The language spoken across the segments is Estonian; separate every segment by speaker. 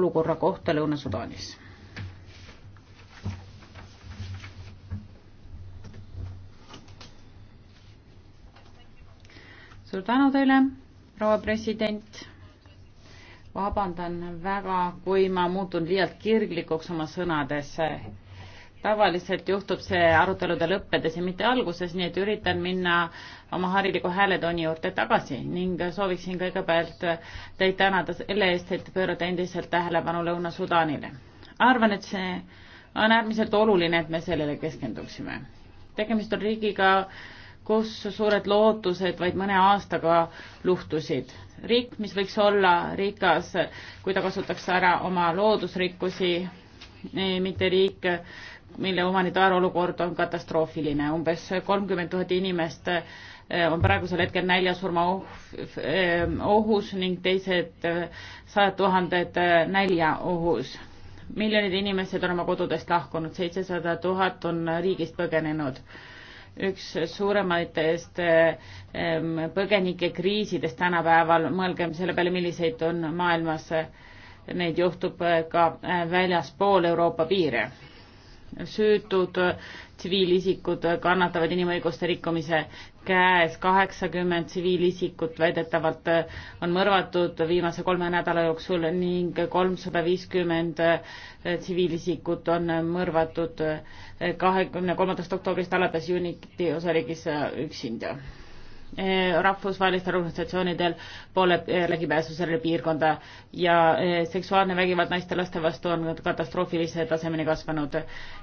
Speaker 1: olukorra kohta Lõuna-Sudaanis. suur tänu teile, proua president. vabandan väga, kui ma muutun liialt kirglikuks oma sõnades tavaliselt juhtub see arutelude lõppedes ja mitte alguses, nii et üritan minna oma hariliku hääletooni juurde tagasi ning sooviksin kõigepealt teid tänada selle eest, et pöörata endiselt tähelepanu Lõuna-Sudaanile. arvan, et see on äärmiselt oluline, et me sellele keskenduksime. tegemist on riigiga, kus suured lootused vaid mõne aastaga luhtusid. riik, mis võiks olla rikas, kui ta kasutaks ära oma loodusrikkusi, mitte riik, mille humanitaarolukord on katastroofiline. umbes kolmkümmend tuhat inimest eh, on praegusel hetkel näljasurma eh, ohus ning teised eh, sajad tuhanded näljaohus. miljonid inimesed on oma kodudest lahkunud, seitsesada tuhat on riigist põgenenud. üks suurematest põgenikekriisidest tänapäeval, mõelgem selle peale, milliseid on maailmas, neid juhtub ka väljaspool Euroopa piire süütud tsiviilisikud kannatavad inimõiguste rikkumise käes, kaheksakümmend tsiviilisikut väidetavalt on mõrvatud viimase kolme nädala jooksul ning kolmsada viiskümmend tsiviilisikut on mõrvatud kahekümne kolmandast oktoobrist alates Unity osariigis üksinda Eh, rahvusvahelistel organisatsioonidel pole eh, ligipääsu sellele piirkonda ja eh, seksuaalne vägivald naiste laste vastu on katastroofilise tasemeni kasvanud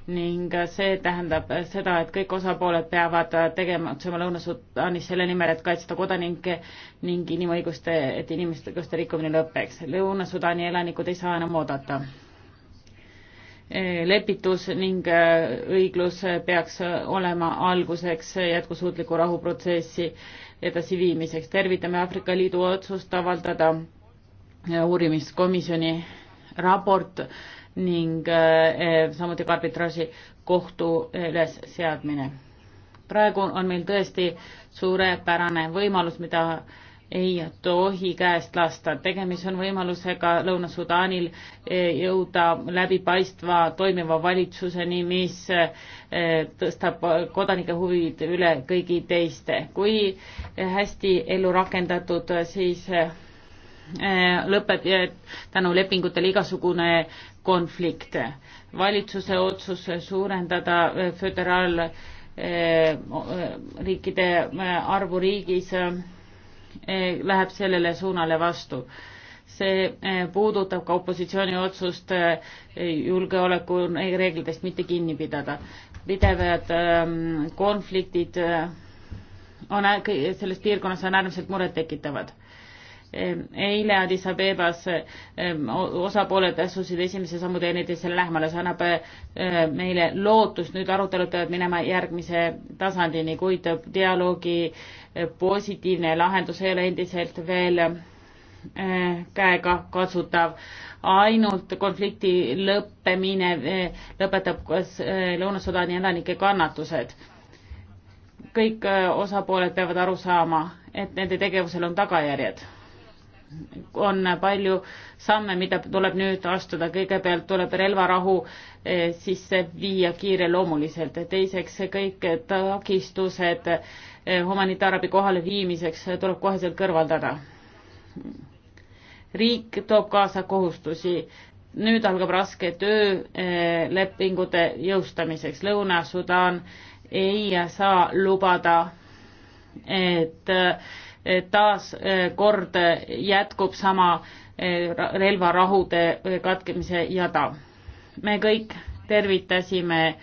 Speaker 1: ning see tähendab seda, et kõik osapooled peavad tegema otsema Lõuna-Sudaanis selle nimel, et kaitsta kodanikke ning inimõiguste, et inimõiguste rikkumine lõpeks. Lõuna-Sudaani elanikud ei saa enam oodata Eh, lepitus ning eh, õiglus peaks olema alguseks jätkusuutliku rahuprotsessi edasiviimiseks. tervitame Aafrika Liidu otsust avaldada eh, uurimiskomisjoni raport ning samuti ka arbitraaži kohtu ülesseadmine. praegu on meil tõesti suurepärane võimalus, mida ei tohi käest lasta. tegemist on võimalusega Lõuna-Sudaanil eh, jõuda läbipaistva toimiva valitsuseni, mis eh, tõstab kodanike huvid üle kõigi teiste. kui hästi ellu rakendatud, siis eh, lõpeb tänu lepingutele igasugune konflikt. valitsuse otsus suurendada föderaal riikide arvu riigis Eh, läheb sellele suunale vastu. see eh, puudutab ka opositsiooni otsust eh, julgeolekureeglitest mitte kinni pidada. pidevad ehm, konfliktid on, selles piirkonnas on äärmiselt murettekitavad eile Addis Abebas osapooled asusid esimese sammu teineteisele lähemale, see annab eh, meile lootust, nüüd arutelud peavad minema järgmise tasandini, kuid dialoogi eh, positiivne lahendus ei ole endiselt veel eh, käega katsutav. ainult konflikti lõppemine lõpetab Lõuna-Sudaani elanike kannatused kõik osapooled peavad aru saama, et nende tegevusel on tagajärjed on palju samme, mida tuleb nüüd astuda, kõigepealt tuleb relvarahu eh, sisse viia kiireloomuliselt, teiseks kõik takistused eh, humanitaarabi kohale viimiseks tuleb koheselt kõrvaldada. riik toob kaasa kohustusi, nüüd algab raske töö lepingute jõustamiseks, Lõuna-Sudaan ei saa lubada, et äh, taas eh, kord eh, jätkub sama eh, relvarahude katkemise jada. me kõik tervitasime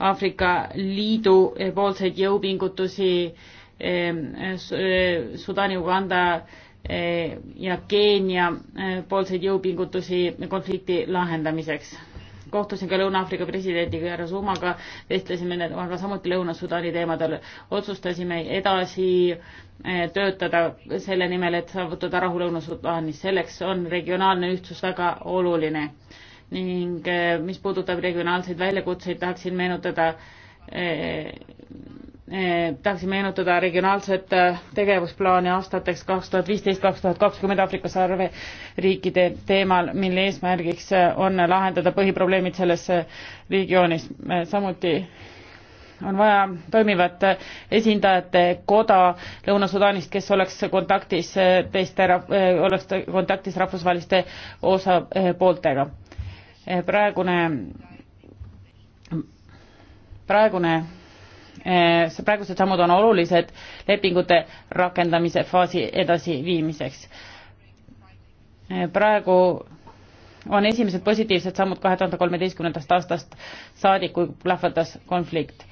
Speaker 1: Aafrika Liidu poolseid jõupingutusi Sudaani, Uganda ja Keenia poolseid jõupingutusi konflikti lahendamiseks kohtusin ka Lõuna-Aafrika presidendiga härra Zumaga, vestlesime temaga samuti Lõuna-Sudaani teemadel, otsustasime edasi eh, töötada selle nimel, et saavutada rahu Lõuna-Sudaanis, selleks on regionaalne ühtsus väga oluline. ning eh, mis puudutab regionaalseid väljakutseid, tahaksin meenutada eh, Eh, tahaksin meenutada regionaalset eh, tegevusplaani aastateks kaks tuhat viisteist kaks tuhat kakskümmend Aafrika sarve riikide teemal, mille eesmärgiks eh, on lahendada põhiprobleemid selles regioonis. samuti on vaja toimivat esindajate koda Lõuna-Sudaanist, kes oleks kontaktis teiste, oleks kontaktis rahvusvaheliste osapooltega. praegune praegune Äh, praegused sammud on olulised lepingute rakendamise faasi edasiviimiseks. Äh, praegu on esimesed positiivsed sammud kahe tuhande kolmeteistkümnendast aastast saadik, kui plahvatas konflikt.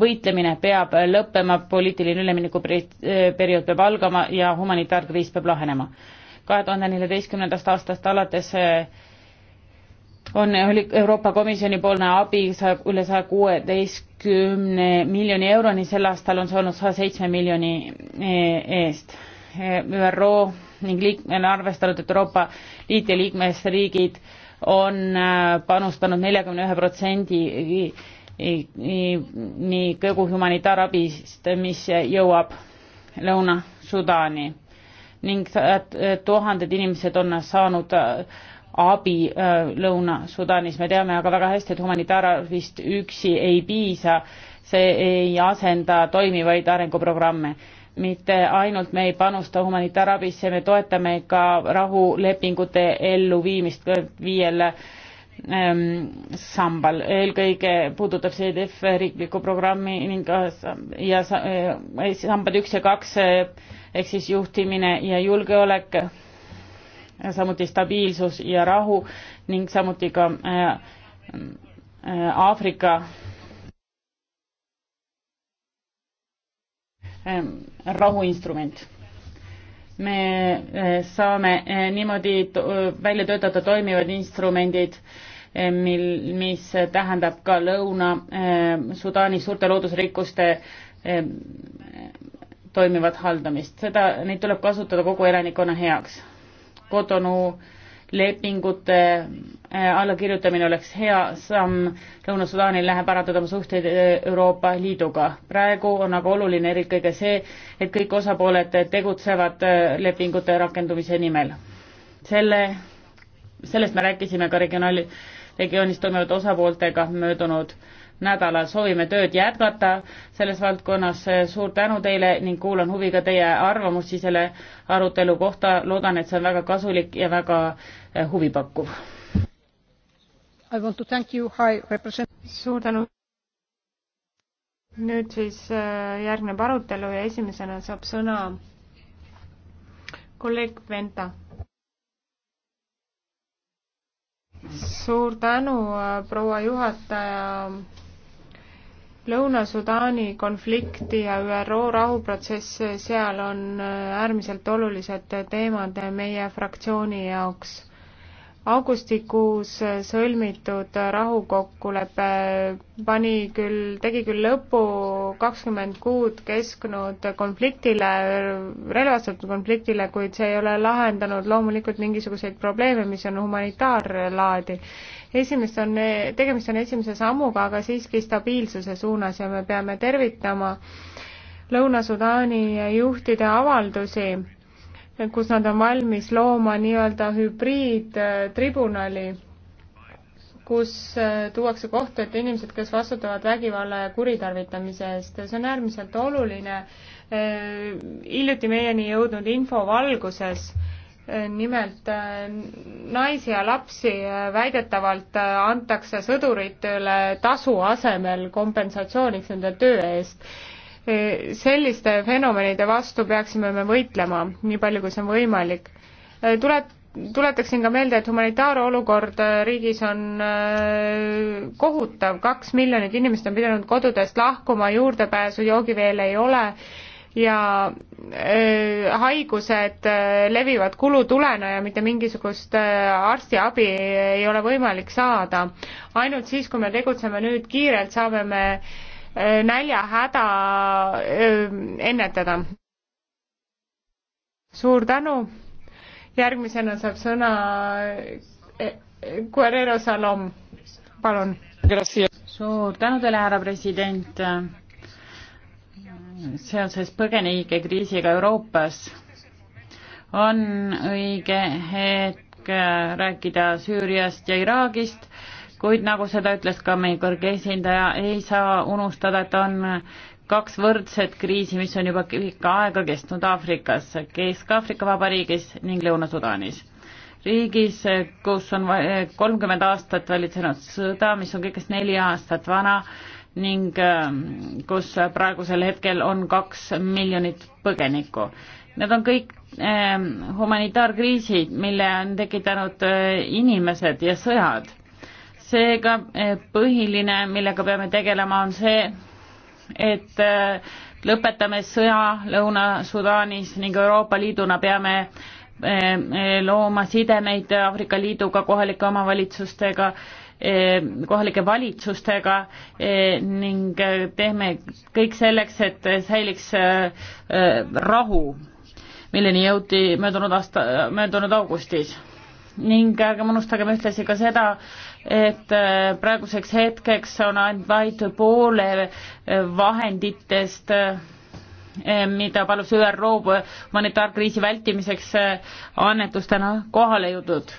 Speaker 1: võitlemine peab lõppema, poliitiline üleminekuperiood äh, peab algama ja humanitaarkriis peab lahenema. kahe tuhande neljateistkümnendast aastast alates on, oli Euroopa Komisjoni poolne abi saja, üle saja kuueteist kümne miljoni euroni, sel aastal on see olnud saja seitsme miljoni e, eest. E, ÜRO ning liikmena arvestanud, et Euroopa Liit ja liikmesriigid on e, panustanud neljakümne ühe protsendi nii kogu humanitaarabist, mis jõuab Lõuna-Sudaani ning tuhanded inimesed on saanud abi äh, Lõuna-Sudaanis, me teame aga väga hästi, et humanitaarabist üksi ei piisa, see ei asenda toimivaid arenguprogramme. mitte ainult me ei panusta humanitaarabisse, me toetame ka rahulepingute elluviimist viiel ähm, sambal, eelkõige puudutab see EDF riiklikku programmi ning ja äh, sambad üks ja kaks äh, ehk siis juhtimine ja julgeolek Äh, samuti stabiilsus ja rahu ning samuti ka äh, äh, Aafrika ähm, rahuinstrument. me saame niimoodi välja töötada toimivad instrumendid, mil, mis tähendab ka Lõuna-Sudaani suurte loodusrikkuste ähm, toimivat haldamist, seda, neid tuleb kasutada kogu elanikkonna heaks Kotonu lepingute äh, allakirjutamine oleks hea samm, Lõuna-Sudaanil läheb parandada oma suhteid äh, Euroopa Liiduga. praegu on aga oluline eelkõige see, et kõik osapooled tegutsevad äh, lepingute rakendumise nimel. selle, sellest me rääkisime ka regionaal-, regioonis toimuvate osapooltega möödunud nädalal soovime tööd jätkata selles valdkonnas. suur tänu teile ning kuulan huviga teie arvamusi selle arutelu kohta. loodan, et see on väga kasulik ja väga eh, huvipakkuv.
Speaker 2: suur tänu. nüüd siis eh, järgneb arutelu ja esimesena saab sõna kolleeg Venta suur tänu, eh, proua juhataja Lõuna-Sudaani konflikti ja ÜRO rahuprotsess, seal on äärmiselt olulised teemad meie fraktsiooni jaoks. augustikuus sõlmitud rahukokkulepe pani küll, tegi küll lõpu kakskümmend kuud kesknud konfliktile, relvastatud konfliktile, kuid see ei ole lahendanud loomulikult mingisuguseid probleeme, mis on humanitaarlaadi esimest on, tegemist on esimese sammuga, aga siiski stabiilsuse suunas ja me peame tervitama Lõuna-Sudaani juhtide avaldusi, kus nad on valmis looma nii-öelda hübriidtribunali, kus äh, tuuakse kohtu ette inimesed, kes vastutavad vägivalla ja kuritarvitamise eest. see on äärmiselt oluline äh, hiljuti meieni jõudnud info valguses nimelt äh, naisi ja lapsi äh, väidetavalt äh, antakse sõduritele tasu asemel kompensatsiooniks nende töö eest. selliste fenomenide vastu peaksime me võitlema, nii palju kui see on võimalik. tuleb tuletaksin ka meelde, et humanitaarolukord riigis on kohutav, kaks miljonit inimest on pidanud kodudest lahkuma, juurdepääsu joogiveele ei ole ja äh, haigused äh, levivad kulutulena ja mitte mingisugust äh, arstiabi ei ole võimalik saada. ainult siis, kui me tegutseme nüüd kiirelt, saame me äh, näljahäda äh, ennetada. suur tänu, järgmisena saab sõna äh, äh
Speaker 1: Guerrero Salom, palun. suur tänu teile, härra president seoses põgenikekriisiga Euroopas on õige hetk rääkida Süüriast ja Iraagist, kuid nagu seda ütles ka meie kõrge esindaja, ei saa unustada, et on kaks võrdset kriisi, mis on juba pikka aega kestnud Aafrikas, Kesk-Aafrika Vabariigis ning Lõuna-Sudaanis. riigis, kus on kolmkümmend aastat valitsenud sõda, mis on kõigest neli aastat vana, ning ähm, kus praegusel hetkel on kaks miljonit põgenikku. Need on kõik ähm, humanitaarkriisid, mille on tekitanud äh, inimesed ja sõjad. seega äh, põhiline, millega peame tegelema, on see, et äh, lõpetame sõja Lõuna-Sudaanis ning Euroopa Liiduna peame looma sidemeid Aafrika Liiduga, kohalike omavalitsustega E, kohalike valitsustega e, ning e, teeme kõik selleks, et säiliks rahu, milleni jõuti möödunud aasta, möödunud augustis. ning ärgem unustagem ühtlasi ka seda, et praeguseks hetkeks on ainult vaid poole vahenditest mida palus ÜRO humanitaarkriisi vältimiseks annetustena kohale jõudnud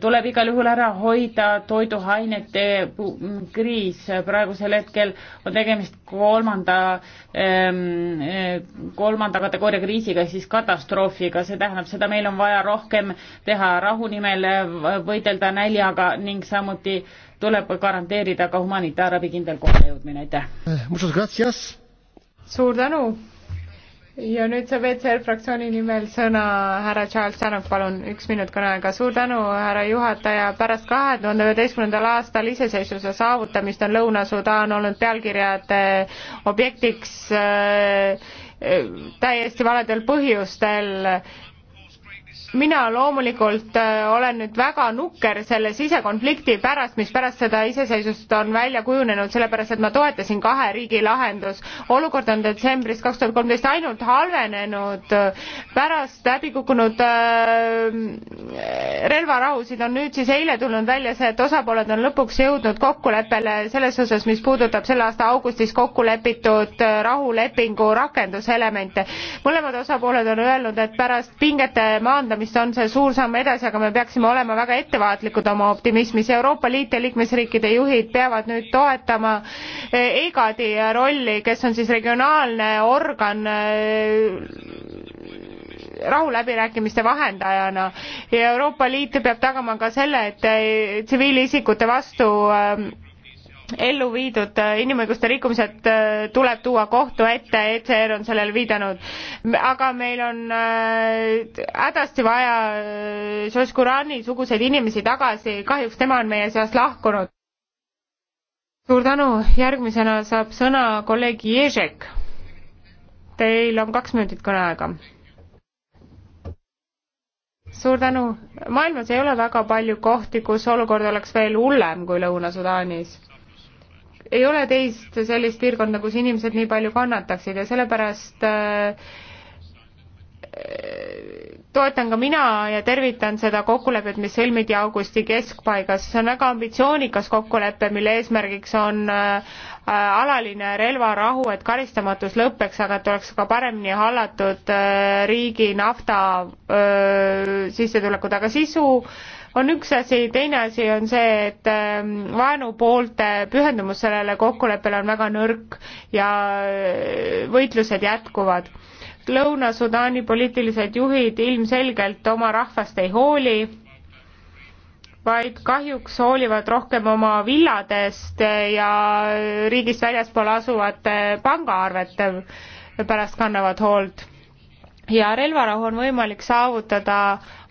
Speaker 1: tuleb igal juhul ära hoida toiduainete kriis, praegusel hetkel on tegemist kolmanda, ehm, eh, kolmanda kategooria kriisiga ehk siis katastroofiga, see tähendab seda, meil on vaja rohkem teha rahu nimel, võidelda näljaga ning samuti tuleb garanteerida ka humanitaarabi kindel kohale jõudmine, aitäh! suur tänu! ja nüüd saab ECR
Speaker 2: fraktsiooni nimel sõna härra Charles Tannock, palun, üks minut kõneaega. suur tänu, härra juhataja, pärast kahe tuhande üheteistkümnendal aastal iseseisvuse saavutamist on Lõuna-Sudaan olnud pealkirjade objektiks äh, äh täiesti valedel põhjustel mina loomulikult äh, olen nüüd väga nukker selle sisekonflikti pärast, mis pärast seda iseseisvust on välja kujunenud, sellepärast et ma toetasin kahe riigi lahendus. olukord on detsembris kaks tuhat kolmteist ainult halvenenud, pärast läbikukkunud äh, relvarahusid on nüüd siis eile tulnud välja see, et osapooled on lõpuks jõudnud kokkuleppele selles osas, mis puudutab selle aasta augustis kokku lepitud äh, rahulepingu rakenduselemente. mõlemad osapooled on öelnud, et pärast pingete maandamist parandamist, on see suur samm edasi, aga me peaksime olema väga ettevaatlikud oma optimismis. Euroopa Liit ja liikmesriikide juhid peavad nüüd toetama eh, EGAD-i rolli, kes on siis regionaalne organ eh, rahuläbirääkimiste vahendajana ja Euroopa Liit peab tagama ka selle, et eh, tsiviilisikute vastu ellu viidud äh, inimõiguste rikkumised äh, tuleb tuua kohtu ette, ECR on sellele viidanud. aga meil on äh, hädasti vaja Šoškurani suguseid inimesi tagasi, kahjuks tema on meie seast lahkunud. suur tänu, järgmisena saab sõna kolleeg Ježek. Teil on kaks minutit kõneaega suur tänu. maailmas ei ole väga palju kohti, kus olukord oleks veel hullem kui Lõuna-Sudaanis ei ole teist sellist piirkonda, kus inimesed nii palju kannataksid ja sellepärast äh, toetan ka mina ja tervitan seda kokkulepet, mis sõlmiti augusti keskpaigas. see on väga ambitsioonikas kokkulepe, mille eesmärgiks on äh, alaline relvarahu, et karistamatus lõpeks, aga et oleks ka paremini hallatud äh, riigi nafta sissetulekud, aga sisu äh, on üks asi, teine asi on see, et ähm, vaenupoolte pühendumus sellele kokkuleppele on väga nõrk ja äh, võitlused jätkuvad. Lõuna-Sudaani poliitilised juhid ilmselgelt oma rahvast ei hooli, vaid kahjuks hoolivad rohkem oma villadest ja riigist väljaspool asuvate pangaarvete pärast kannavad hoolt ja relvarahu on võimalik saavutada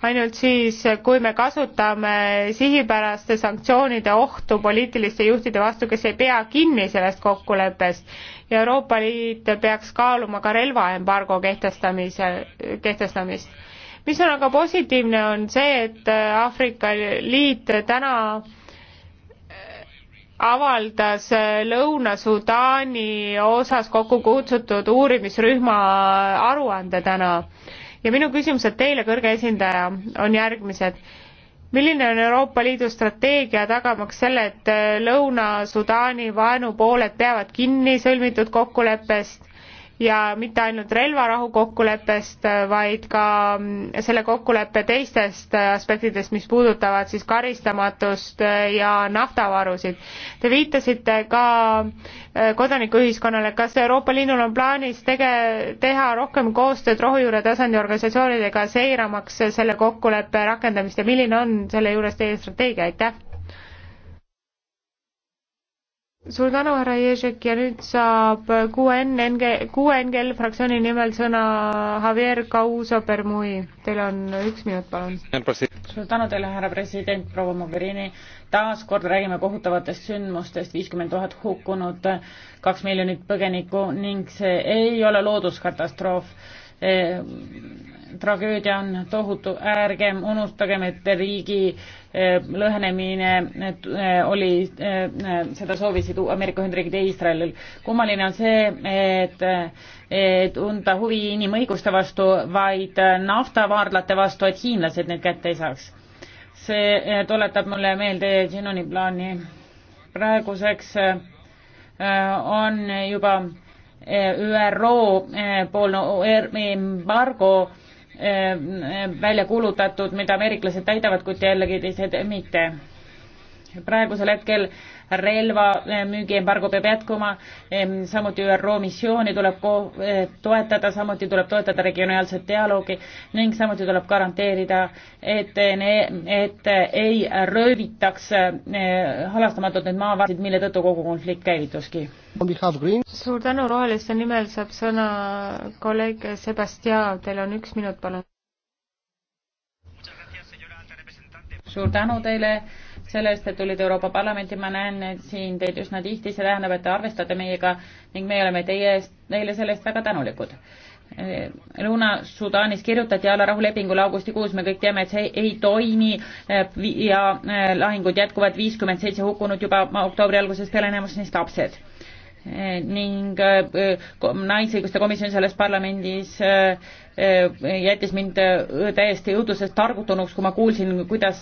Speaker 2: ainult siis, kui me kasutame sihipäraste sanktsioonide ohtu poliitiliste juhtide vastu, kes ei pea kinni sellest kokkuleppest. ja Euroopa Liit peaks kaaluma ka relvaembargo kehtestamise, kehtestamist. mis on aga positiivne, on see, et Aafrika Liit täna avaldas äh, Lõuna-Sudaani osas kokku kutsutud uurimisrühma aruande täna. ja minu küsimused teile, kõrge esindaja, on järgmised. milline on Euroopa Liidu strateegia tagamaks selle, et äh, Lõuna-Sudaani vaenupooled peavad kinni sõlmitud kokkuleppest ja mitte ainult relvarahu kokkuleppest, vaid ka mm, selle kokkuleppe teistest aspektidest, mis puudutavad siis karistamatust ja naftavarusid. Te viitasite ka äh, kodanikuühiskonnale, kas Euroopa Liidul on plaanis tege-, teha rohkem koostööd rohujuure tasandi organisatsioonidega, seiramaks selle kokkuleppe rakendamist ja milline on selle juures teie strateegia, aitäh! suur tänu, härra Ježek ja nüüd saab QNNG, QNGL fraktsiooni nimel sõna Javier
Speaker 1: Causa Permui. Teil on üks minut, palun. suur tänu teile, härra president, proua Mogherini. taas kord räägime kohutavatest sündmustest, viiskümmend tuhat hukkunut, kaks miljonit põgenikku ning see ei ole looduskatastroof e tragöödia on tohutu, ärgem unustagem, et riigi eh, lõhenemine eh, oli, eh, seda soovisid Ameerika Ühendriigid ja Iisraelil. kummaline on see, et, et tunda huvi inimõiguste vastu, vaid naftavaardlate vastu, et hiinlased neid kätte ei saaks. see tuletab mulle meelde Genoni plaani. praeguseks on juba ÜRO poolne embargo no, Eh, välja kuulutatud, mida ameeriklased täidavad, kuid jällegi teised mitte. praegusel hetkel äh, relvamüügiembargo eh, peab jätkuma, eh, samuti ÜRO missiooni tuleb eh, toetada, samuti tuleb toetada regionaalset dialoogi ning samuti tuleb garanteerida, et, et ei röövitaks halastamatult neid maavarasid, mille tõttu kogu konflikt käivituski. suur tänu, Roheliste nimel saab sõna kolleeg Sebastian, teil on
Speaker 2: üks minut, palun.
Speaker 1: suur tänu teile selle eest, et tulid Euroopa Parlamenti, ma näen siin teid üsna tihti, see tähendab, et te arvestate meiega ning me oleme teie eest, teile selle eest väga tänulikud. Lõuna-Sudaanis kirjutati alla rahulepingule augustikuus, me kõik teame, et see ei toimi ja eh, lahingud jätkuvad, viiskümmend seitse hukkunut juba oktoobri algusest peale, enamus neist lapsed ning eh, Naisõiguste komisjon selles parlamendis eh, eh, jättis mind täiesti õuduses targutunuks, kui ma kuulsin, kuidas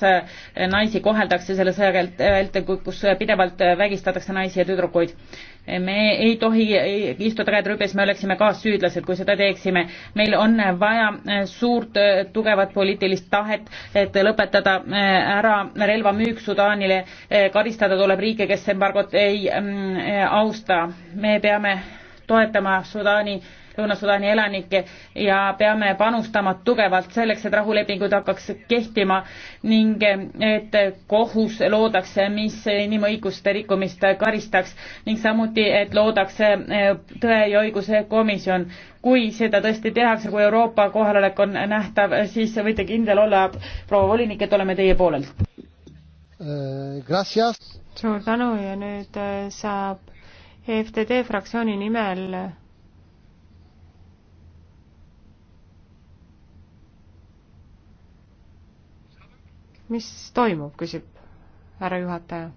Speaker 1: naisi koheldakse selle sõja vältel, kus pidevalt vägistatakse naisi ja tüdrukuid me ei tohi istuda käed rüpes, me oleksime kaassüüdlased, kui seda teeksime. meil on vaja eh, suurt eh, tugevat poliitilist tahet, et lõpetada eh, ära relvamüük Sudaanile, karistada tuleb riike, kes embargot ei mm, austa. me peame toetama Sudaani äh, Lõuna-Sudaani elanikke ja peame panustama tugevalt selleks, et rahulepingud hakkaks kehtima ning et kohus loodaks, mis inimõiguste rikkumist karistaks ning samuti, et loodakse tõe ja õiguse komisjon. kui seda tõesti tehakse, kui Euroopa kohalolek on nähtav, siis võite kindel olla, proua volinik, et oleme teie poolel.
Speaker 3: Gracias.
Speaker 2: suur tänu ja nüüd saab EFTD fraktsiooni nimel mis toimub, küsib härra juhataja.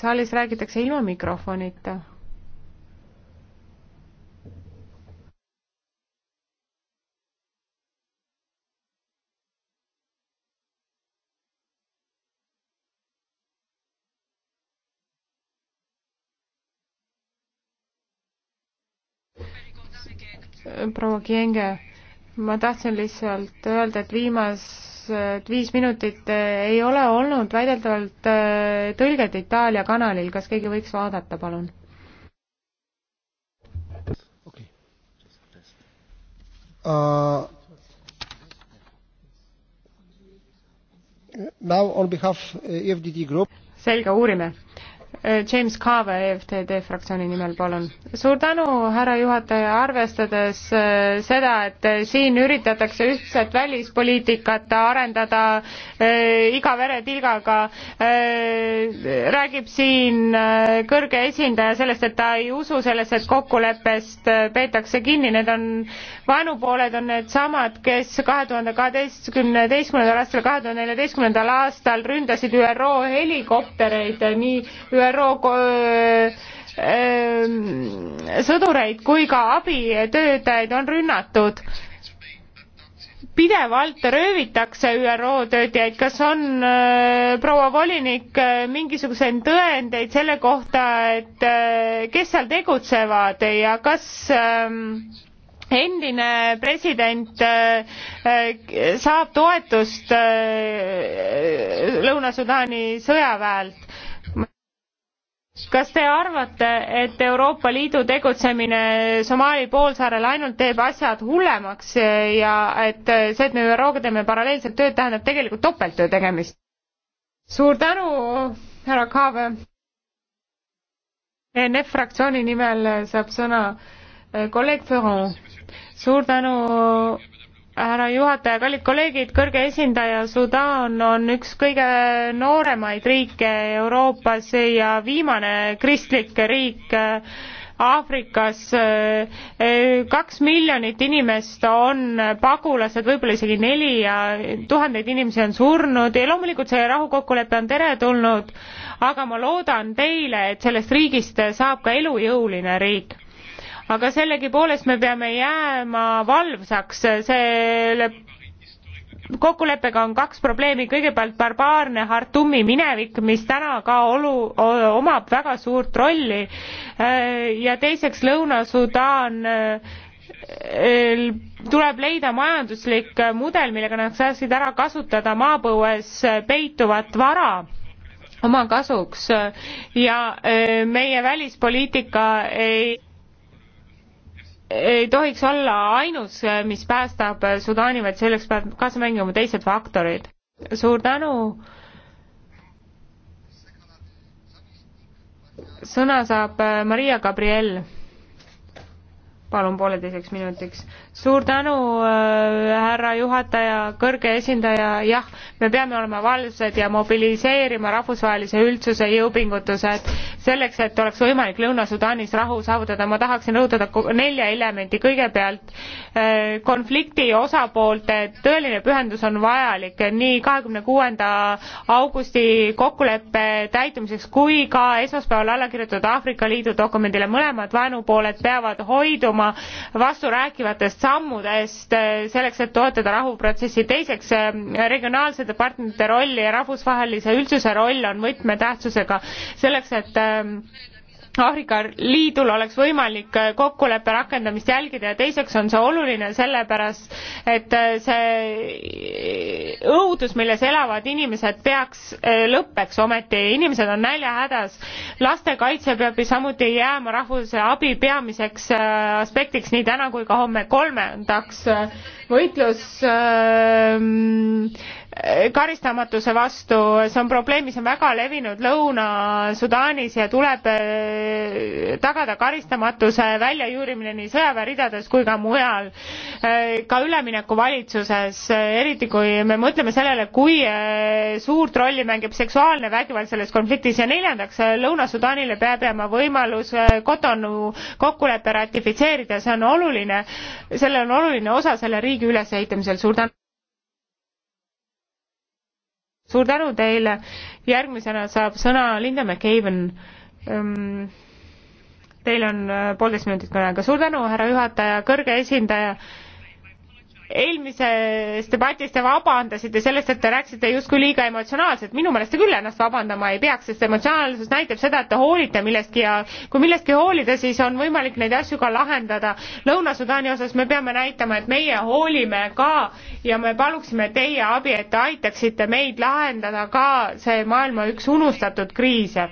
Speaker 2: saalis räägitakse ilma mikrofonita proua Kienge, ma tahtsin lihtsalt öelda, et viimased viis minutit ei ole olnud väideldavalt äh, tõlget Itaalia kanalil, kas keegi võiks vaadata, palun? Uh, now on behalf EFDD äh, group. selge, uurime James Kaave EFTD fraktsiooni nimel, palun. suur tänu, härra juhataja, arvestades äh, seda, et äh, siin üritatakse ühtset välispoliitikat arendada äh, iga veretilgaga äh,, räägib siin äh, kõrge esindaja sellest, et ta ei usu sellesse, et kokkuleppest äh, peetakse kinni, need on, vaenupooled on needsamad, kes kahe tuhande kaheteistkümne teistkümnendal aastal, kahe tuhande neljateistkümnendal aastal ründasid ÜRO helikoptereid, äh, nii ÜRO ÜRO sõdureid kui ka abitöötajaid on rünnatud. pidevalt röövitakse ÜRO töötajaid, kas on proua volinik mingisuguseid tõendeid selle kohta, et kes seal tegutsevad ja kas endine president saab toetust Lõuna-Sudaani sõjaväelt? kas te arvate, et Euroopa Liidu tegutsemine Somaali poolsaarel ainult teeb asjad hullemaks ja et see, et me ÜRO-ga teeme paralleelselt tööd, tähendab tegelikult topelttöö tegemist? suur tänu, härra Kaave. ENF fraktsiooni nimel saab sõna eh, kolleeg Ferron. suur tänu, härra juhataja, kallid kolleegid, kõrge esindaja, Sudaan on üks kõige nooremaid riike Euroopas ja viimane kristlik riik äh, Aafrikas äh, äh, kaks miljonit inimest on pagulased, võib-olla isegi neli ja tuhandeid inimesi on surnud ja loomulikult see rahukokkulepe on teretulnud, aga ma loodan teile, et sellest riigist saab ka elujõuline riik aga sellegipoolest me peame jääma valvsaks selle kokkuleppega on kaks probleemi, kõigepealt barbaarne Hartumi minevik, mis täna ka olu, omab väga suurt rolli ja teiseks Lõuna-Sudaan tuleb leida majanduslik mudel, millega nad saaksid ära kasutada maapõues peituvat vara oma kasuks ja e, meie välispoliitika ei ei tohiks olla ainus, mis päästab Sudaani, vaid selleks peab kaasa mängima teised faktorid. suur tänu. sõna saab Maria Gabriel palun pooleteiseks minutiks. suur tänu äh,, härra juhataja, kõrge esindaja, jah, me peame olema valvsad ja mobiliseerima rahvusvahelise üldsuse jõupingutused selleks, et oleks võimalik Lõuna-Sudaanis rahu saavutada. ma tahaksin rõhutada nelja elementi. kõigepealt äh, konflikti osapoolte tõeline pühendus on vajalik nii kahekümne kuuenda augusti kokkuleppe täitumiseks kui ka esmaspäeval alla kirjutatud Aafrika Liidu dokumendile. mõlemad vaenupooled peavad hoiduma liikuma vasturääkivatest sammudest eh, selleks, et toetada rahuprotsessi. teiseks, eh, regionaalsete partnerite rolli ja rahvusvahelise üldsuse roll on võtmetähtsusega selleks, et eh, Aafrika Liidul oleks võimalik äh, kokkuleppe rakendamist jälgida ja teiseks on see oluline sellepärast, et äh, see äh, õudus, milles elavad inimesed, peaks lõppeks ometi, inimesed on näljahädas. lastekaitse peab ju samuti jääma rahvuse abi peamiseks aspektiks nii täna kui ka homme. kolmandaks, võitlus äh, karistamatuse vastu, see on probleem, mis on väga levinud Lõuna-Sudaanis ja tuleb eh, tagada karistamatuse väljajuurimine nii sõjaväeridades kui ka mujal, eh, ka üleminekuvalitsuses, eh, eriti kui me mõtleme sellele, kui suurt rolli mängib seksuaalne vägivald selles konfliktis ja neljandaks, Lõuna-Sudaanile peab jääma võimalus Cotonou kokkulepe ratifitseerida, see on oluline, sellel on oluline osa selle riigi ülesehitamisel, suur tänu! suur tänu teile, järgmisena saab sõna Linda McCaven. Ehm, teil on äh, poolteist minutit kõneaega, suur tänu, härra juhataja, kõrge esindaja eelmises debatis te vabandasite sellest, et te rääkisite justkui liiga emotsionaalselt, minu meelest te küll ennast vabandama ei peaks, sest emotsionaalsus näitab seda, et te hoolite millestki ja kui millestki hoolida, siis on võimalik neid asju ka lahendada. Lõuna-Sudaani osas me peame näitama, et meie hoolime ka ja me paluksime teie abi, et te aitaksite meid lahendada ka see maailma üks unustatud kriise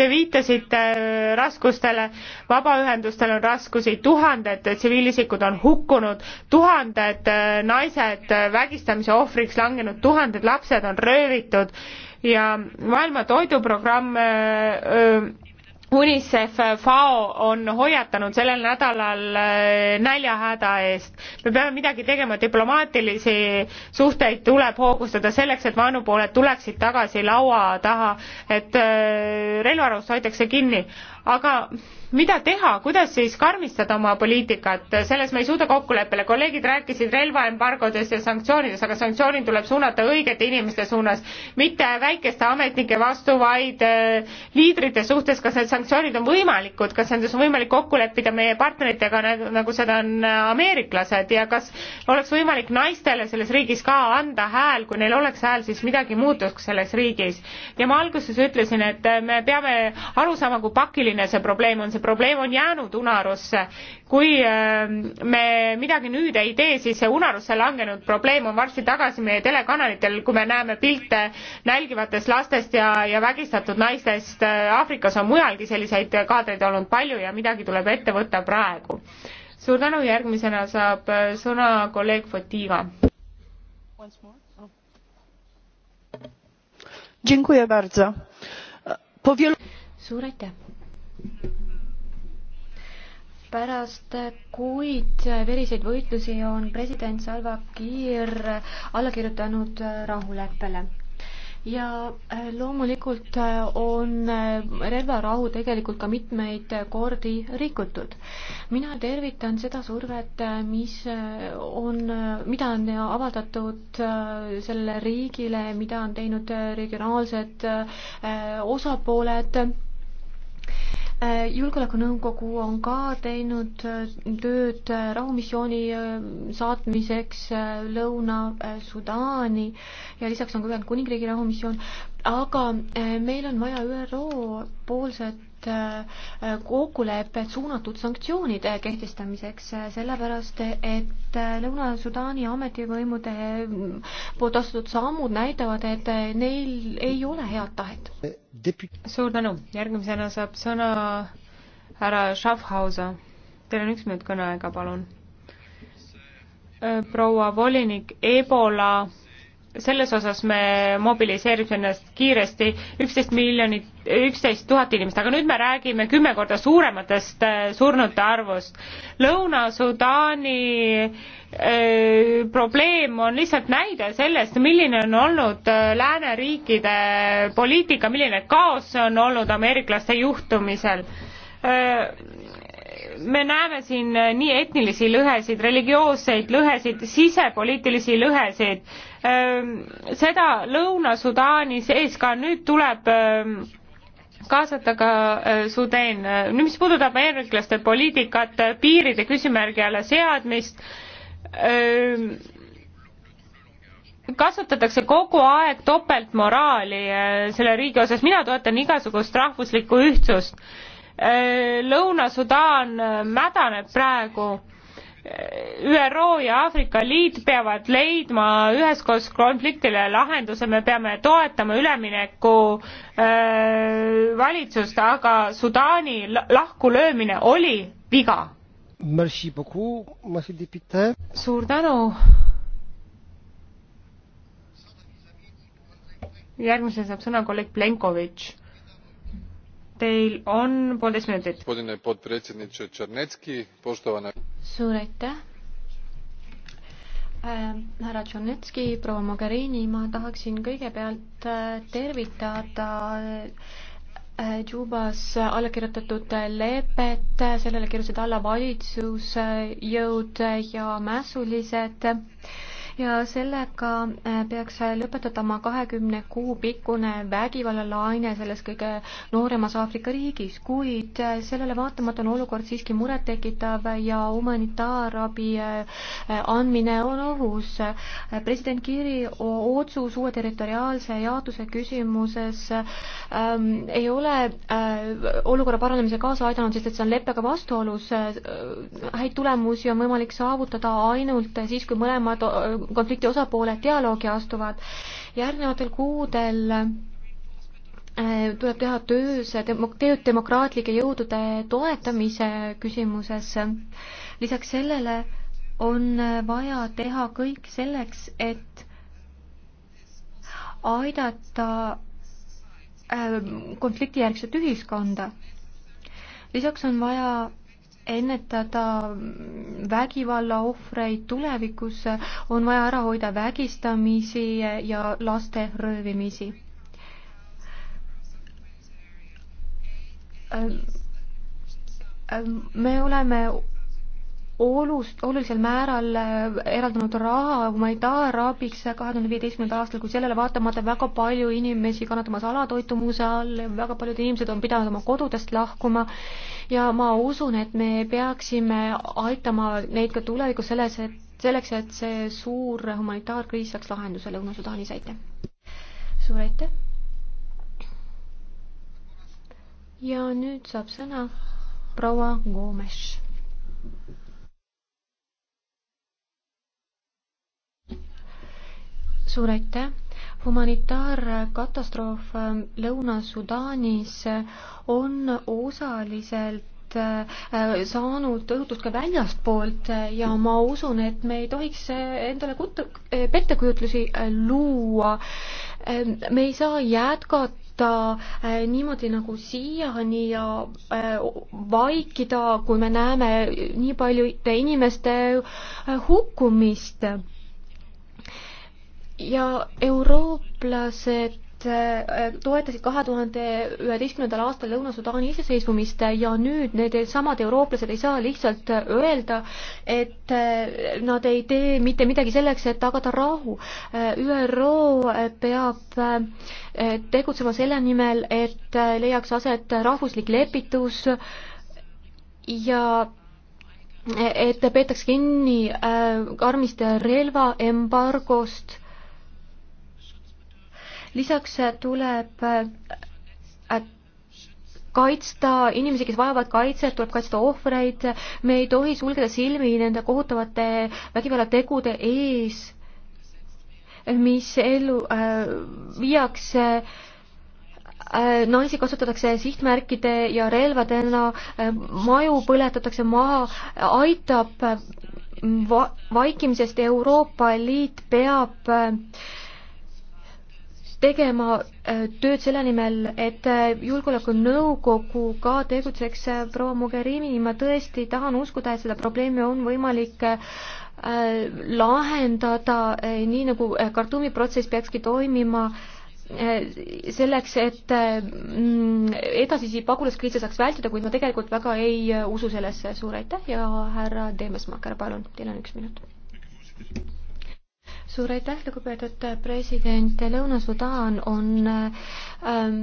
Speaker 2: Te viitasite äh, raskustele, vabaühendustel on raskusi, tuhanded tsiviilisikud on hukkunud, tuhanded äh, naised äh, vägistamise ohvriks langenud, tuhanded lapsed on röövitud ja Maailma Toiduprogramm öö, UNICEF äh, FAO on hoiatanud sellel nädalal äh, näljahäda eest. me peame midagi tegema, diplomaatilisi suhteid tuleb hoogustada selleks, et vaenupooled tuleksid tagasi laua taha, et äh, relvarahust hoitakse kinni, aga mida teha, kuidas siis karmistada oma poliitikat, selles me ei suuda kokkuleppele, kolleegid rääkisid relvaembargodest ja sanktsioonidest, aga sanktsioonid tuleb suunata õigete inimeste suunas, mitte väikeste ametnike vastu, vaid äh, liidrite suhtes, kas need sanktsioonid on võimalikud, kas nendes on võimalik kokku leppida meie partneritega, nagu seda on äh, ameeriklased ja kas oleks võimalik naistele selles riigis ka anda hääl, kui neil oleks hääl, siis midagi muutuks selles riigis. ja ma alguses ütlesin, et äh, me peame aru saama, kui pakiline oluline see probleem on, see probleem on jäänud unarusse. kui ähm, me midagi nüüd ei tee, siis see unarusse langenud probleem on varsti tagasi meie telekanalitel, kui me näeme pilte nälgivatest lastest ja, ja vägistatud naistest. Aafrikas on mujalgi selliseid kaadreid olnud palju ja midagi tuleb ette võtta praegu. suur tänu, järgmisena saab sõna kolleeg Fotiga.
Speaker 3: Once more oh. dziękuję bardzo po wielu pärast kuid veriseid võitlusi on president Salva Kiir alla kirjutanud rahuleppele ja äh, loomulikult äh, on äh, relvarahu tegelikult ka mitmeid kordi rikutud. mina tervitan seda survet, mis on, mida on avaldatud sellele riigile, mida on teinud regionaalsed osapooled Äh, julgeolekunõukogu on ka teinud äh, tööd äh, rahumissiooni saatmiseks Lõuna-Sudaani ja lisaks on ka Ühendkuningriigi rahumissioon aga äh, meil on vaja ÜRO poolset äh, kokkulepet suunatud sanktsioonide kehtestamiseks, äh, sellepärast et Lõuna-Sudaani ametivõimude poolt astutud sammud näitavad, et neil ei ole head tahet.
Speaker 2: suur tänu, järgmisena saab sõna härra Schaffhauser. Teil on üks minut kõneaega, palun. proua volinik, Ebola selles osas me mobiliseerisime ennast kiiresti üksteist miljonit, üksteist tuhat inimest, aga nüüd me räägime kümme korda suurematest äh, surnute arvust. Lõuna-Sudaani öö, äh, probleem on lihtsalt näide sellest, milline on olnud äh, lääneriikide poliitika, milline kaos see on olnud ameeriklaste juhtumisel me näeme siin nii etnilisi lõhesid, religioosseid lõhesid, sisepoliitilisi lõhesid Ehm, seda Lõuna-Sudaanis ees ka, nüüd tuleb ehm, kaasata ka eh, Sudeen. nüüd, mis puudutab ameeriklaste poliitikat, piiride küsimärgi alla seadmist, ehm, kasutatakse kogu aeg topeltmoraali eh, selle riigi osas, mina toetan igasugust rahvuslikku ühtsust. Eh, Lõuna-Sudaan mädaneb praegu ÜRO ja Aafrika Liit peavad leidma üheskoos konfliktile lahenduse, me peame toetama ülemineku äh, valitsust, aga Sudaani lahkulöömine oli viga. suur tänu. järgmisena saab sõna kolleeg Plenkovitš teil on
Speaker 3: poolteist minutit. suur aitäh ähm, härra Tšernetski, proua Mogherini, ma tahaksin kõigepealt äh, tervitada Džubas äh, alla kirjutatud lepet, sellele kirjutasid alla valitsusjõud ja mässulised ja sellega äh, peaks äh, lõpetatama kahekümne kuu pikkune vägivallalaine selles kõige nooremas Aafrika riigis, kuid äh, sellele vaatamata on olukord siiski murettekitav ja humanitaarabi andmine on ohus. president Kiri otsus uue territoriaalse jaotuse küsimuses ähm, ei ole äh, olukorra paranemise kaasa aidanud, sest et see on leppega vastuolus äh,. häid tulemusi on võimalik saavutada ainult siis, kui mõlemad konflikti osapooled dialoogi astuvad. järgnevatel kuudel äh, tuleb teha töös, tööd demokraatlike jõudude toetamise küsimuses. lisaks sellele on vaja teha kõik selleks, et aidata äh, konfliktijärgset ühiskonda. lisaks on vaja ennetada vägivalla ohvreid tulevikus, on vaja ära hoida vägistamisi ja laste röövimisi. Äh, äh, me oleme olus, olulisel määral äh, eraldanud raha humanitaarabiks kahe tuhande viieteistkümnendal aastal, kuid sellele vaatamata väga palju inimesi kannatamas alatoitumuse all, väga paljud inimesed on pidanud oma kodudest lahkuma ja ma usun, et me peaksime aitama neid ka tulevikus selles, et selleks, et see suur humanitaarkriis saaks lahenduse Lõuna-Sudaanis, aitäh! suur aitäh! ja nüüd saab sõna proua Gomes suur aitäh! humanitaarkatastroof äh, Lõuna-Sudaanis äh, on osaliselt äh, saanud õhutust ka väljastpoolt ja ma usun, et me ei tohiks endale kutu-, pettekujutlusi luua. Ähm, me ei saa jätkata võtta niimoodi nagu siiani ja vaikida, kui me näeme nii paljude inimeste hukkumist ja eurooplased äh, toetasid kahe tuhande üheteistkümnendal aastal Lõuna-Sudaani iseseisvumist ja nüüd need samad eurooplased ei saa lihtsalt öelda, et äh, nad ei tee mitte midagi selleks, et tagada rahu. Äh, ÜRO peab tegutsema selle nimel, et leiaks aset rahvuslik lepitus ja et peetaks kinni karmist relvaembargost lisaks tuleb äh, kaitsta inimesi, kes vajavad kaitset, tuleb kaitsta ohvreid, me ei tohi sulgeda silmi nende kohutavate vägivallategude ees, mis ellu äh, viiakse äh, naisi kasutatakse sihtmärkide ja relvadena, äh, maju põletatakse maha, aitab äh, va vaikimisest Euroopa Liit peab tegema äh, tööd selle nimel, et äh, Julgeolekunõukogu ka tegutseks. Äh, proua Mogherini, ma tõesti tahan uskuda, et seda probleemi on võimalik lahendada nii, nagu Khartoumi protsess peakski toimima selleks, et mm, edasisi pagulaskriise saaks vältida, kuid ma tegelikult väga ei usu sellesse. suur aitäh ja härra Deemesmaker, palun, teil on üks minut suur aitäh, lugupeetud president, Lõuna-Sudaan on ähm,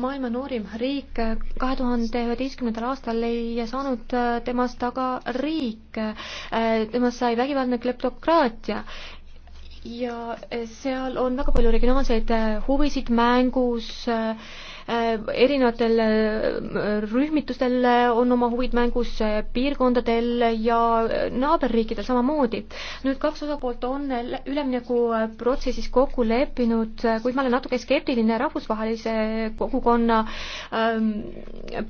Speaker 3: maailma noorim riik, kahe tuhande üheteistkümnendal aastal ei saanud äh, temast aga riik äh,, temast sai vägivaldne kleptokraatia ja seal on väga palju regionaalseid äh, huvisid mängus äh,, Äh, erinevatel äh, rühmitustel äh, on oma huvid mängus, piirkondadel ja naaberriikidel samamoodi. nüüd kaks osapoolt on üleminekuprotsessis kokku leppinud, kuid ma olen natuke skeptiline rahvusvahelise kogukonna ähm,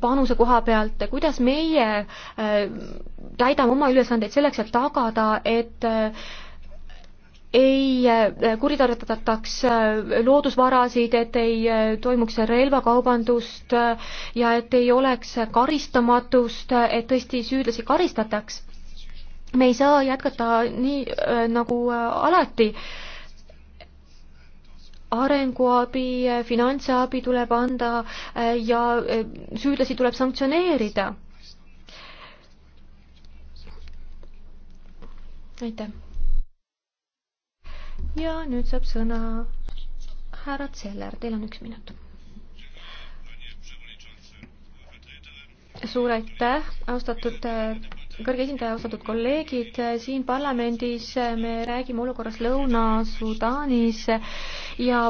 Speaker 3: panuse koha pealt, kuidas meie täidame oma ülesandeid selleks, et tagada, et ei äh, kuritarvitataks äh, loodusvarasid, et ei äh, toimuks relvakaubandust ja et ei oleks karistamatust, et tõesti süüdlasi karistataks. me ei saa jätkata nii nagu alati arenguabi, finantsabi tuleb anda ja süüdlasi tuleb sanktsioneerida. aitäh ja nüüd saab sõna härra Zeller, teil on üks minut. suur aitäh, austatud kõrge esindaja, austatud kolleegid, siin parlamendis me räägime olukorrast Lõuna-Sudaanis ja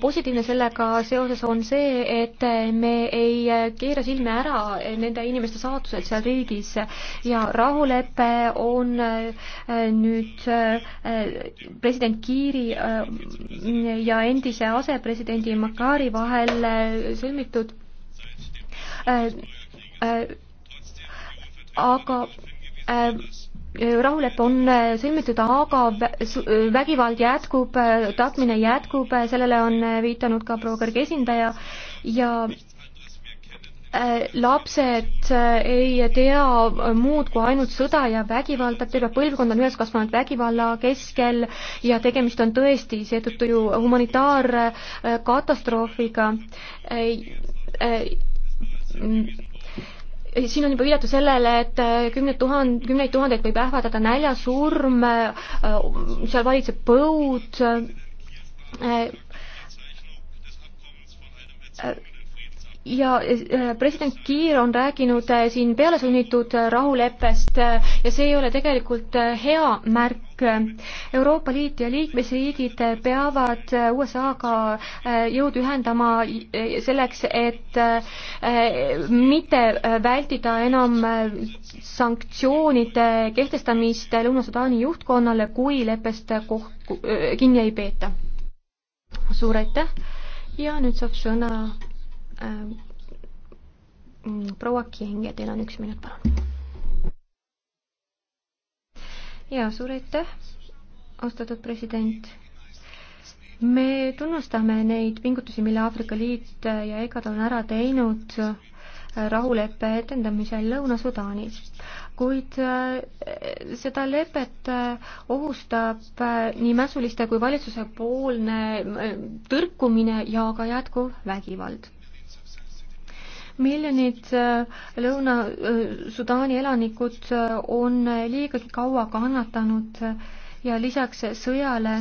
Speaker 3: positiivne sellega seoses on see, et me ei keera silme ära nende inimeste saatuselt seal riigis ja rahulepe on äh, nüüd äh, president Kiiri äh, ja endise asepresidendi Makari vahel sõlmitud. aga rahulepe on äh, sõlmitud, aga vägivald jätkub, äh, tapmine jätkub, äh, sellele on viitanud ka proua kõrge esindaja ja lapsed ei tea muud kui ainult sõda ja vägivalda, terve põlvkond on üles kasvanud vägivalla keskel ja tegemist on tõesti seetõttu ju humanitaarkatastroofiga siin on juba viidatud sellele, et äh, kümned tuhand-, kümneid tuhandeid võib ähvardada näljasurm, äh, seal valitseb põud, äh, ja president Kiir on rääkinud siin pealesunnitud rahuleppest ja see ei ole tegelikult hea märk kõik Euroopa Liit ja liikmesriigid peavad USA-ga äh, jõud ühendama äh, selleks, et äh, mitte vältida enam sanktsioonide kehtestamist Lõuna-Sudaani juhtkonnale, kui leppest kohku, kinni ei peeta. suur aitäh ja nüüd saab sõna mm, proua King ja teil on üks minut, palun ja suur aitäh, austatud president. me tunnustame neid pingutusi, mille Aafrika Liit ja EGAD on ära teinud rahuleppe etendamisel Lõuna-Sudaanis. kuid äh, seda lepet äh, ohustab äh, nii mässuliste kui valitsuse poolne tõrkumine ja ka jätkuv vägivald miljonid äh, Lõuna-Sudaani äh, elanikud äh, on liigagi kaua kannatanud ja lisaks sõjale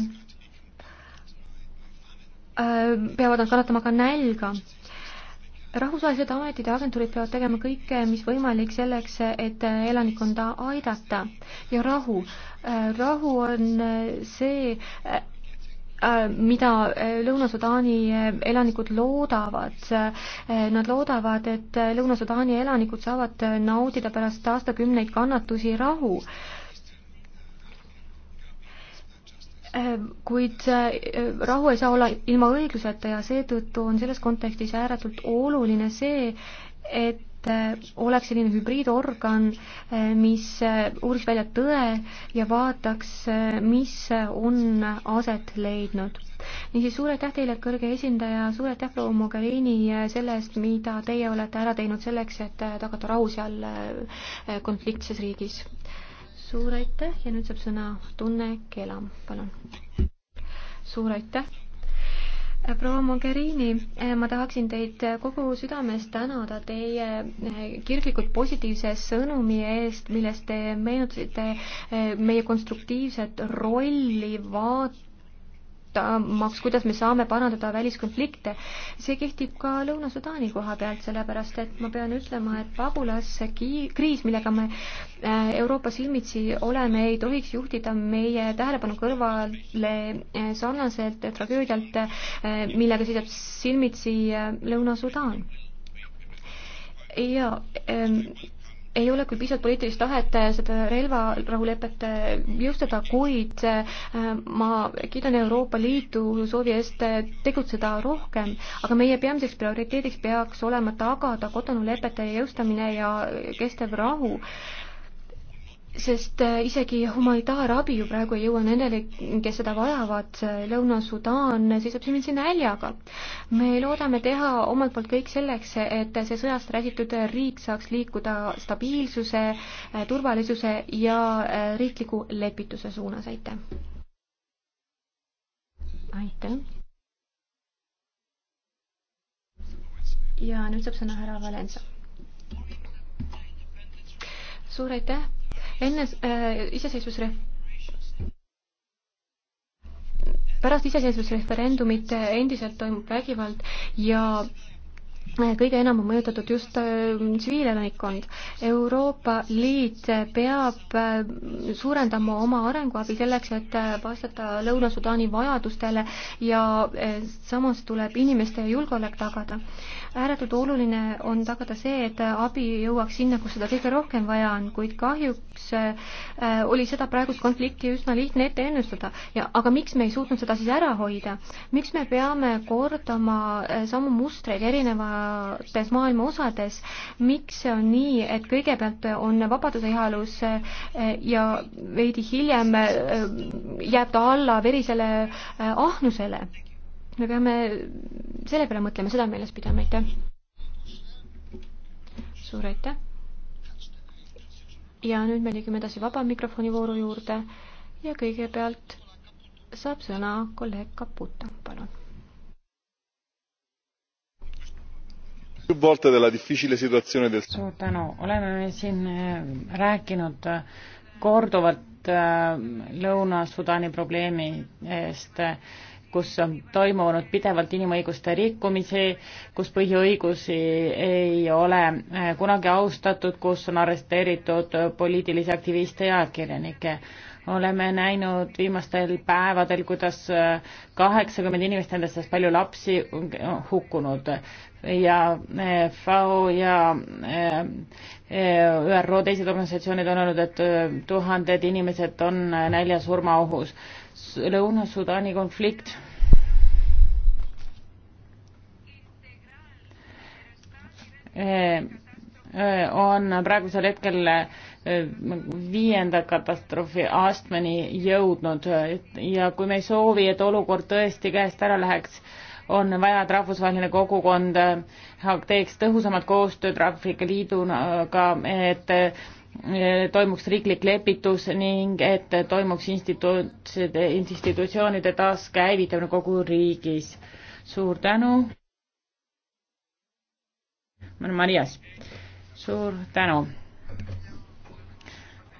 Speaker 3: peavad nad kannatama ka nälga. rahvusvahelised ametid ja agentuurid peavad tegema kõike, mis võimalik selleks, et elanikkonda aidata ja rahu. rahu on see Äh, mida äh, Lõuna-Sudaani äh, elanikud loodavad. Nad loodavad, et Lõuna-Sudaani elanikud saavad naudida pärast aastakümneid kannatusi rahu. kuid rahu ei saa olla ilma õigluseta ja seetõttu on selles kontekstis ääretult oluline see, et Äh, oleks selline hübriidorgan, äh, mis äh, uuriks välja tõe ja vaataks, mis on aset leidnud. niisiis, suur aitäh teile, kõrge esindaja, suur aitäh, proua Mogherini, selle eest, mida teie olete ära teinud selleks, et tagada rahu seal konfliktses riigis. suur aitäh ja nüüd saab sõna Tunne Kelam, palun. suur aitäh proua Mogherini, eh, ma tahaksin teid kogu südamest tänada teie eh, kirglikult positiivse sõnumi eest, milles te meenutasite eh, meie konstruktiivset rolli vaat-, arutamaks, kuidas me saame parandada väliskonflikte. see kehtib ka Lõuna-Sudaani koha pealt, sellepärast et ma pean ütlema, et pagulaskriis, millega me äh, Euroopa silmitsi oleme, ei tohiks juhtida meie tähelepanu kõrvale äh, sarnaselt tragöödialt, äh, millega seisab silmitsi Lõuna-Sudaan. ja ähm, ei ole küll piisavalt poliitilist tahet äh, seda relvarahulepet äh, jõustada, kuid äh, ma kiidan Euroopa Liidu soovi eest tegutseda rohkem, aga meie peamiseks prioriteediks peaks olema tagada kodanulepete jõustamine ja kestev rahu sest äh, isegi humanitaarabi ju praegu ei jõua nendele, kes seda vajavad, Lõuna-Sudaan seisab silmitsi näljaga. me loodame teha omalt poolt kõik selleks, et see sõjast räsitud riik saaks liikuda stabiilsuse, äh, turvalisuse ja äh, riikliku lepituse suunas, aitäh! aitäh! ja nüüd saab sõna härra Valensa. suur aitäh! enne äh, iseseisvusref-, pärast iseseisvusreferendumit endiselt toimub vägivald ja kõige enam on mõjutatud just äh, tsiviilelanikkond. Euroopa Liit peab äh, suurendama oma arenguabi selleks, et äh, vastata Lõuna-Sudaani vajadustele ja samas tuleb inimeste julgeolek tagada. ääretult oluline on tagada see, et abi jõuaks sinna, kus seda kõige rohkem vaja on, kuid kahjuks oli seda praegust konflikti üsna lihtne ette ennustada ja aga miks me ei suutnud seda siis ära hoida? miks me peame kordama samu mustreid erineva erinevates maailma osades. miks see on nii, et kõigepealt on vabaduse heaolus eh, ja veidi hiljem eh, jääb ta alla verisele eh, ahnusele? me peame selle peale mõtlema, seda meeles pidama, aitäh. suur aitäh. ja nüüd me liigume edasi vaba mikrofoni vooru juurde ja kõigepealt saab sõna kolleeg Kaputa, palun
Speaker 1: suur tänu, oleme siin eh, rääkinud eh, korduvalt eh, Lõuna-Sudaani probleemi eest, kus on toimunud pidevalt inimõiguste rikkumisi, kus põhiõigusi ei ole kunagi austatud, kus on arresteeritud poliitilisi aktiviste ja ajakirjanikke oleme näinud viimastel päevadel, kuidas äh, kaheksakümmend inimest, nendest palju lapsi, on äh, hukkunud ja äh, FAO ja ÜRO teised organisatsioonid on öelnud, et tuhanded inimesed on nälja surmaohus. Lõuna-Sudaani konflikt on praegusel hetkel viienda katastroofi astmeni jõudnud ja kui me ei soovi, et olukord tõesti käest ära läheks, on vaja, et rahvusvaheline kogukond äh, teeks tõhusamat koostööd Aafrika Liiduga, et äh, toimuks riiklik lepitus ning et toimuks instituutsioonide, institutsioonide taaskäivitamine kogu riigis. suur tänu. Marias, suur tänu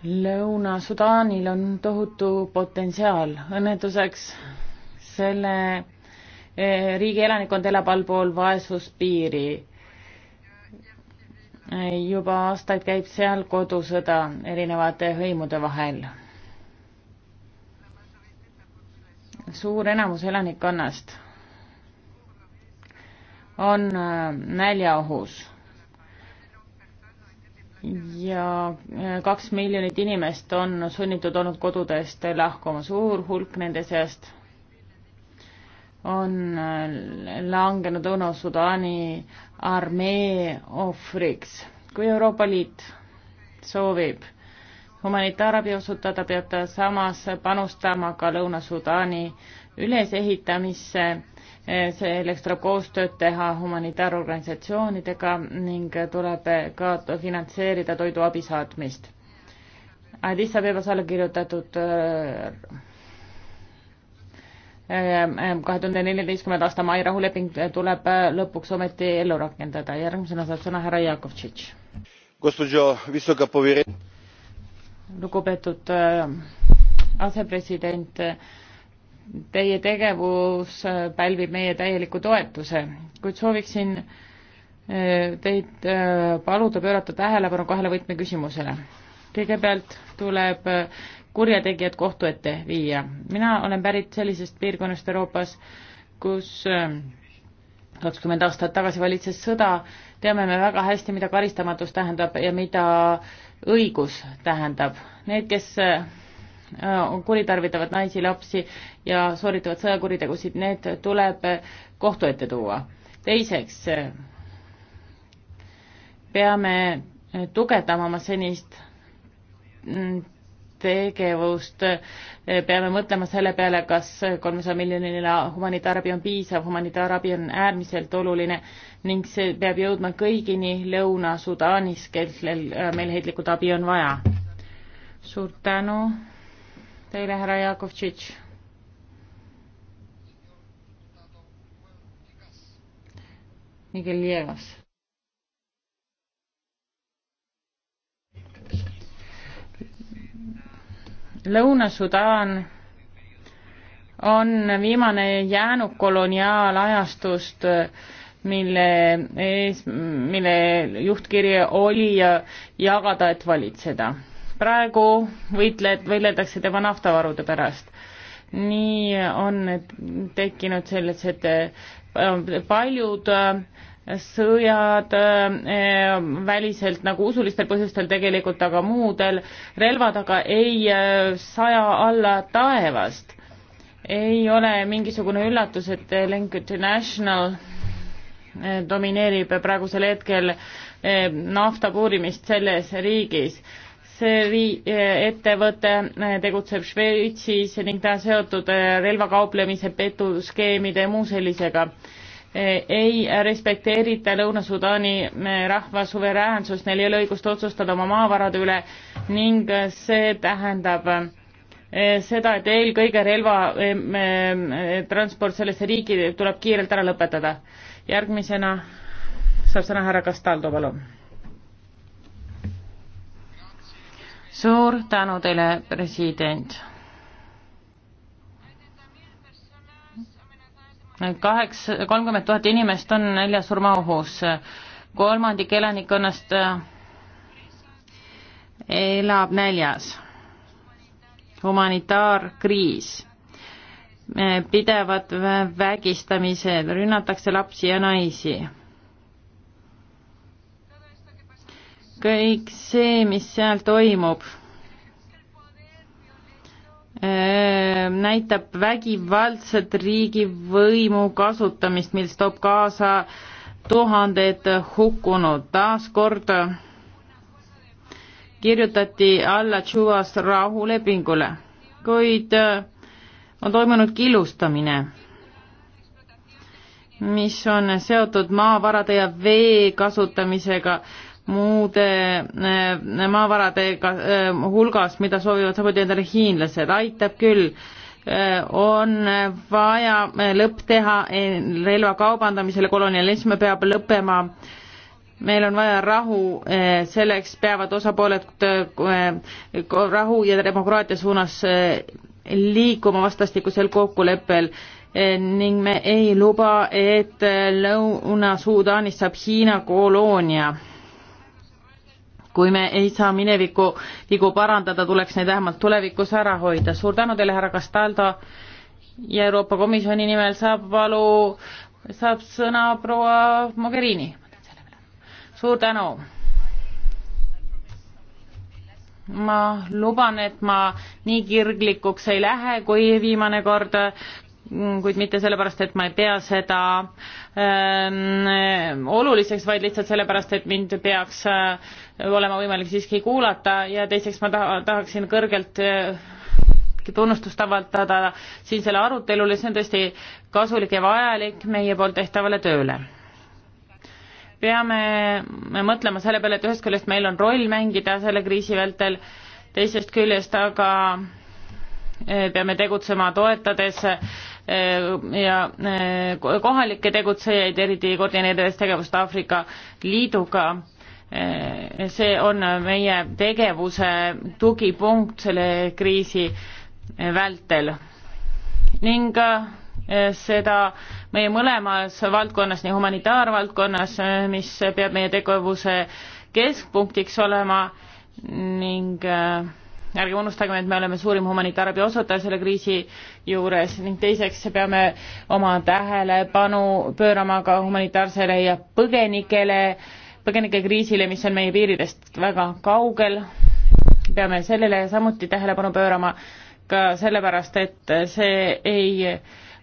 Speaker 1: Lõuna-Sudaanil on tohutu potentsiaal. õnnetuseks selle eh, riigi elanikkond elab allpool vaesuspiiri. Eh, juba aastaid käib seal kodusõda erinevate hõimude vahel. suur enamus elanikkonnast on eh, näljaohus ja eh, kaks miljonit inimest on sunnitud olnud kodudest lahkuma, suur hulk nende seast on eh, langenud Lõuna-Sudaani armee ohvriks. kui Euroopa Liit soovib humanitaarabi osutada, peab ta samas panustama ka Lõuna-Sudaani ülesehitamisse, selleks tuleb koostööd teha humanitaarorganisatsioonidega ning tuleb ka finantseerida toiduabi saatmist. Addis Abebas alla kirjutatud äh, äh, kahe tuhande neljateistkümnenda aasta mai rahuleping tuleb lõpuks ometi ellu rakendada. järgmisena saab sõna härra Jakovtšitš lugupeetud äh, asepresident, teie tegevus äh, pälvib meie täieliku toetuse, kuid sooviksin äh, teid paluda pöörata tähelepanu kahele võtmeküsimusele. kõigepealt tuleb kurjategijad kohtu ette viia. mina olen pärit sellisest piirkonnast Euroopas, kus kakskümmend aastat tagasi valitses sõda, teame me väga hästi, mida karistamatus tähendab ja mida äh, õigus tähendab. Need, kes äh, kuritarvitavad naisi, lapsi ja sooritavad sõjakuritegusid, need tuleb kohtu ette tuua. teiseks peame tugevdama oma senist mm, tegevust, peame mõtlema selle peale, kas kolmesaja miljoniline humanitaarabi on piisav, humanitaarabi on äärmiselt oluline ning see peab jõudma kõigini Lõuna-Sudaanis, kellel meil heitlikult abi on vaja. suur tänu teile, härra Jakovtšitš. Miguel Liegas Lõuna-Sudaan on viimane jäänuk koloniaalajastust, mille ees, mille juhtkiri oli jagada, et valitseda. praegu võitled, võideldakse tema naftavarude pärast. nii on tekkinud sellised äh, paljud äh, sõjad eh, väliselt nagu usulistel põhjustel tegelikult, aga muudel relvad aga ei eh, saja alla taevast. ei ole mingisugune üllatus, et Link International eh, domineerib praegusel hetkel nafta puurimist selles riigis see vii-, ettevõte tegutseb Šveitsis ning ta on seotud relvakauplemise, petuskeemide ja muu sellisega ei respekteerita Lõuna-Sudaani eh, rahva suveräänsust, neil ei ole õigust otsustada oma maavarade üle ning see tähendab eh, seda, et eelkõige relva eh, transport sellesse riiki tuleb kiirelt ära lõpetada. järgmisena saab sõna härra Castaldo, palun. suur tänu teile, president kaheksa, kolmkümmend tuhat inimest on nälja surmaohus, kolmandik elanikkonnast eh, elab näljas. humanitaarkriis, pidevad vägistamised, rünnatakse lapsi ja naisi. kõik see, mis seal toimub Ehm, näitab vägivaldset riigivõimu kasutamist, mis toob kaasa tuhanded hukkunud. taaskord kirjutati alla Tšuvas rahulepingule, kuid äh, on toimunud killustamine, mis on seotud maavarade ja vee kasutamisega muude eh, maavaradega eh, hulgas, mida soovivad samuti endale hiinlased, aitab küll. Eh, on vaja lõpp teha relva kaubandamisele, kolonialism peab lõppema. meil on vaja rahu, selleks peavad osapooled rahu ja demokraatia suunas liikuma vastastikusel kokkuleppel ning me ei luba, et Lõuna-Sudaanist saab Hiina koloonia kui me ei saa mineviku vigu parandada, tuleks neid vähemalt tulevikus ära hoida. suur tänu teile, härra Castaldo ja Euroopa Komisjoni nimel saab valu, saab sõna proua Mogherini. suur tänu. ma luban, et ma nii kirglikuks ei lähe kui viimane kord, kuid mitte sellepärast, et ma ei pea seda ähm, oluliseks, vaid lihtsalt sellepärast, et mind peaks äh, olema võimalik siiski kuulata ja teiseks ma taha, tahaksin kõrgelt äh, tunnustust avaldada siin selle arutelule, see on tõesti kasulik ja vajalik meie poolt tehtavale tööle. peame mõtlema selle peale, et ühest küljest meil on roll mängida selle kriisi vältel, teisest küljest aga Eh, peame tegutsema toetades eh, ja eh, kohalikke tegutsejaid, eriti koordineerides tegevust Aafrika Liiduga. see on meie tegevuse tugipunkt selle kriisi vältel ning seda meie mõlemas valdkonnas, nii humanitaarvaldkonnas, mis peab meie tegevuse keskpunktiks olema ning äh, ärgem unustagem, et me oleme suurim humanitaarabi osutaja selle kriisi juures ning teiseks peame oma tähelepanu pöörama ka humanitaarsele ja põgenikele, põgenikekriisile, mis on meie piiridest väga kaugel. peame sellele samuti tähelepanu pöörama ka sellepärast, et see ei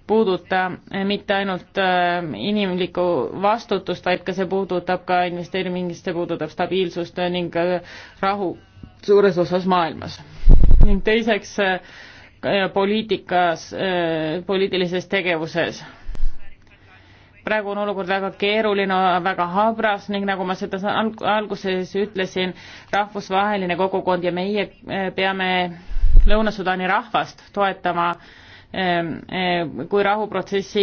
Speaker 1: puuduta mitte ainult äh, inimlikku vastutust, vaid ka see puudutab ka investeerimist, see puudutab stabiilsust ning äh, rahu suures osas maailmas. ning teiseks eh, eh, poliitikas, eh, poliitilises tegevuses. praegu on olukord väga keeruline, väga habras ning nagu ma seda alguses ütlesin, rahvusvaheline kogukond ja meie peame Lõuna-Sudaani rahvast toetama kui rahuprotsessi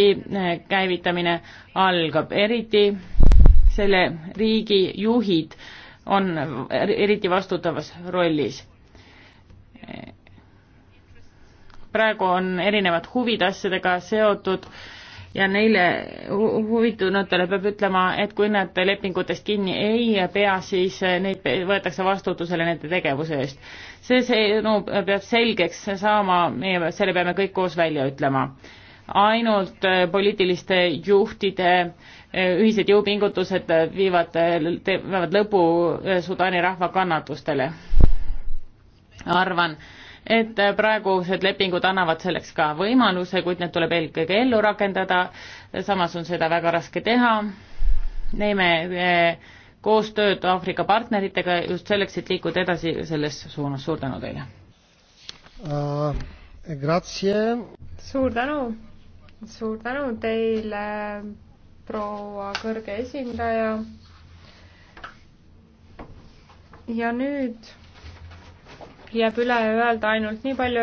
Speaker 1: käivitamine algab, eriti selle riigi juhid on er-, eriti vastutavas rollis. praegu on erinevad huvid asjadega seotud ja neile huvitunutele peab ütlema, et kui nad lepingutest kinni ei pea, siis neid võetakse vastutusele nende tegevuse eest. see, see no, peab selgeks saama, meie selle peame kõik koos välja ütlema ainult äh, poliitiliste juhtide äh, ühised jõupingutused äh, viivad, viivad lõpu Sudaani rahva kannatustele. arvan, et praegused lepingud annavad selleks ka võimaluse, kuid need tuleb eelkõige ellu rakendada, samas on seda väga raske teha, teeme koostööd Aafrika partneritega just selleks, et liikuda edasi selles suunas, suur tänu teile
Speaker 3: uh,! Grazie!
Speaker 2: suur tänu! suur tänu teile, proua kõrge esindaja. ja nüüd jääb üle öelda ainult nii palju,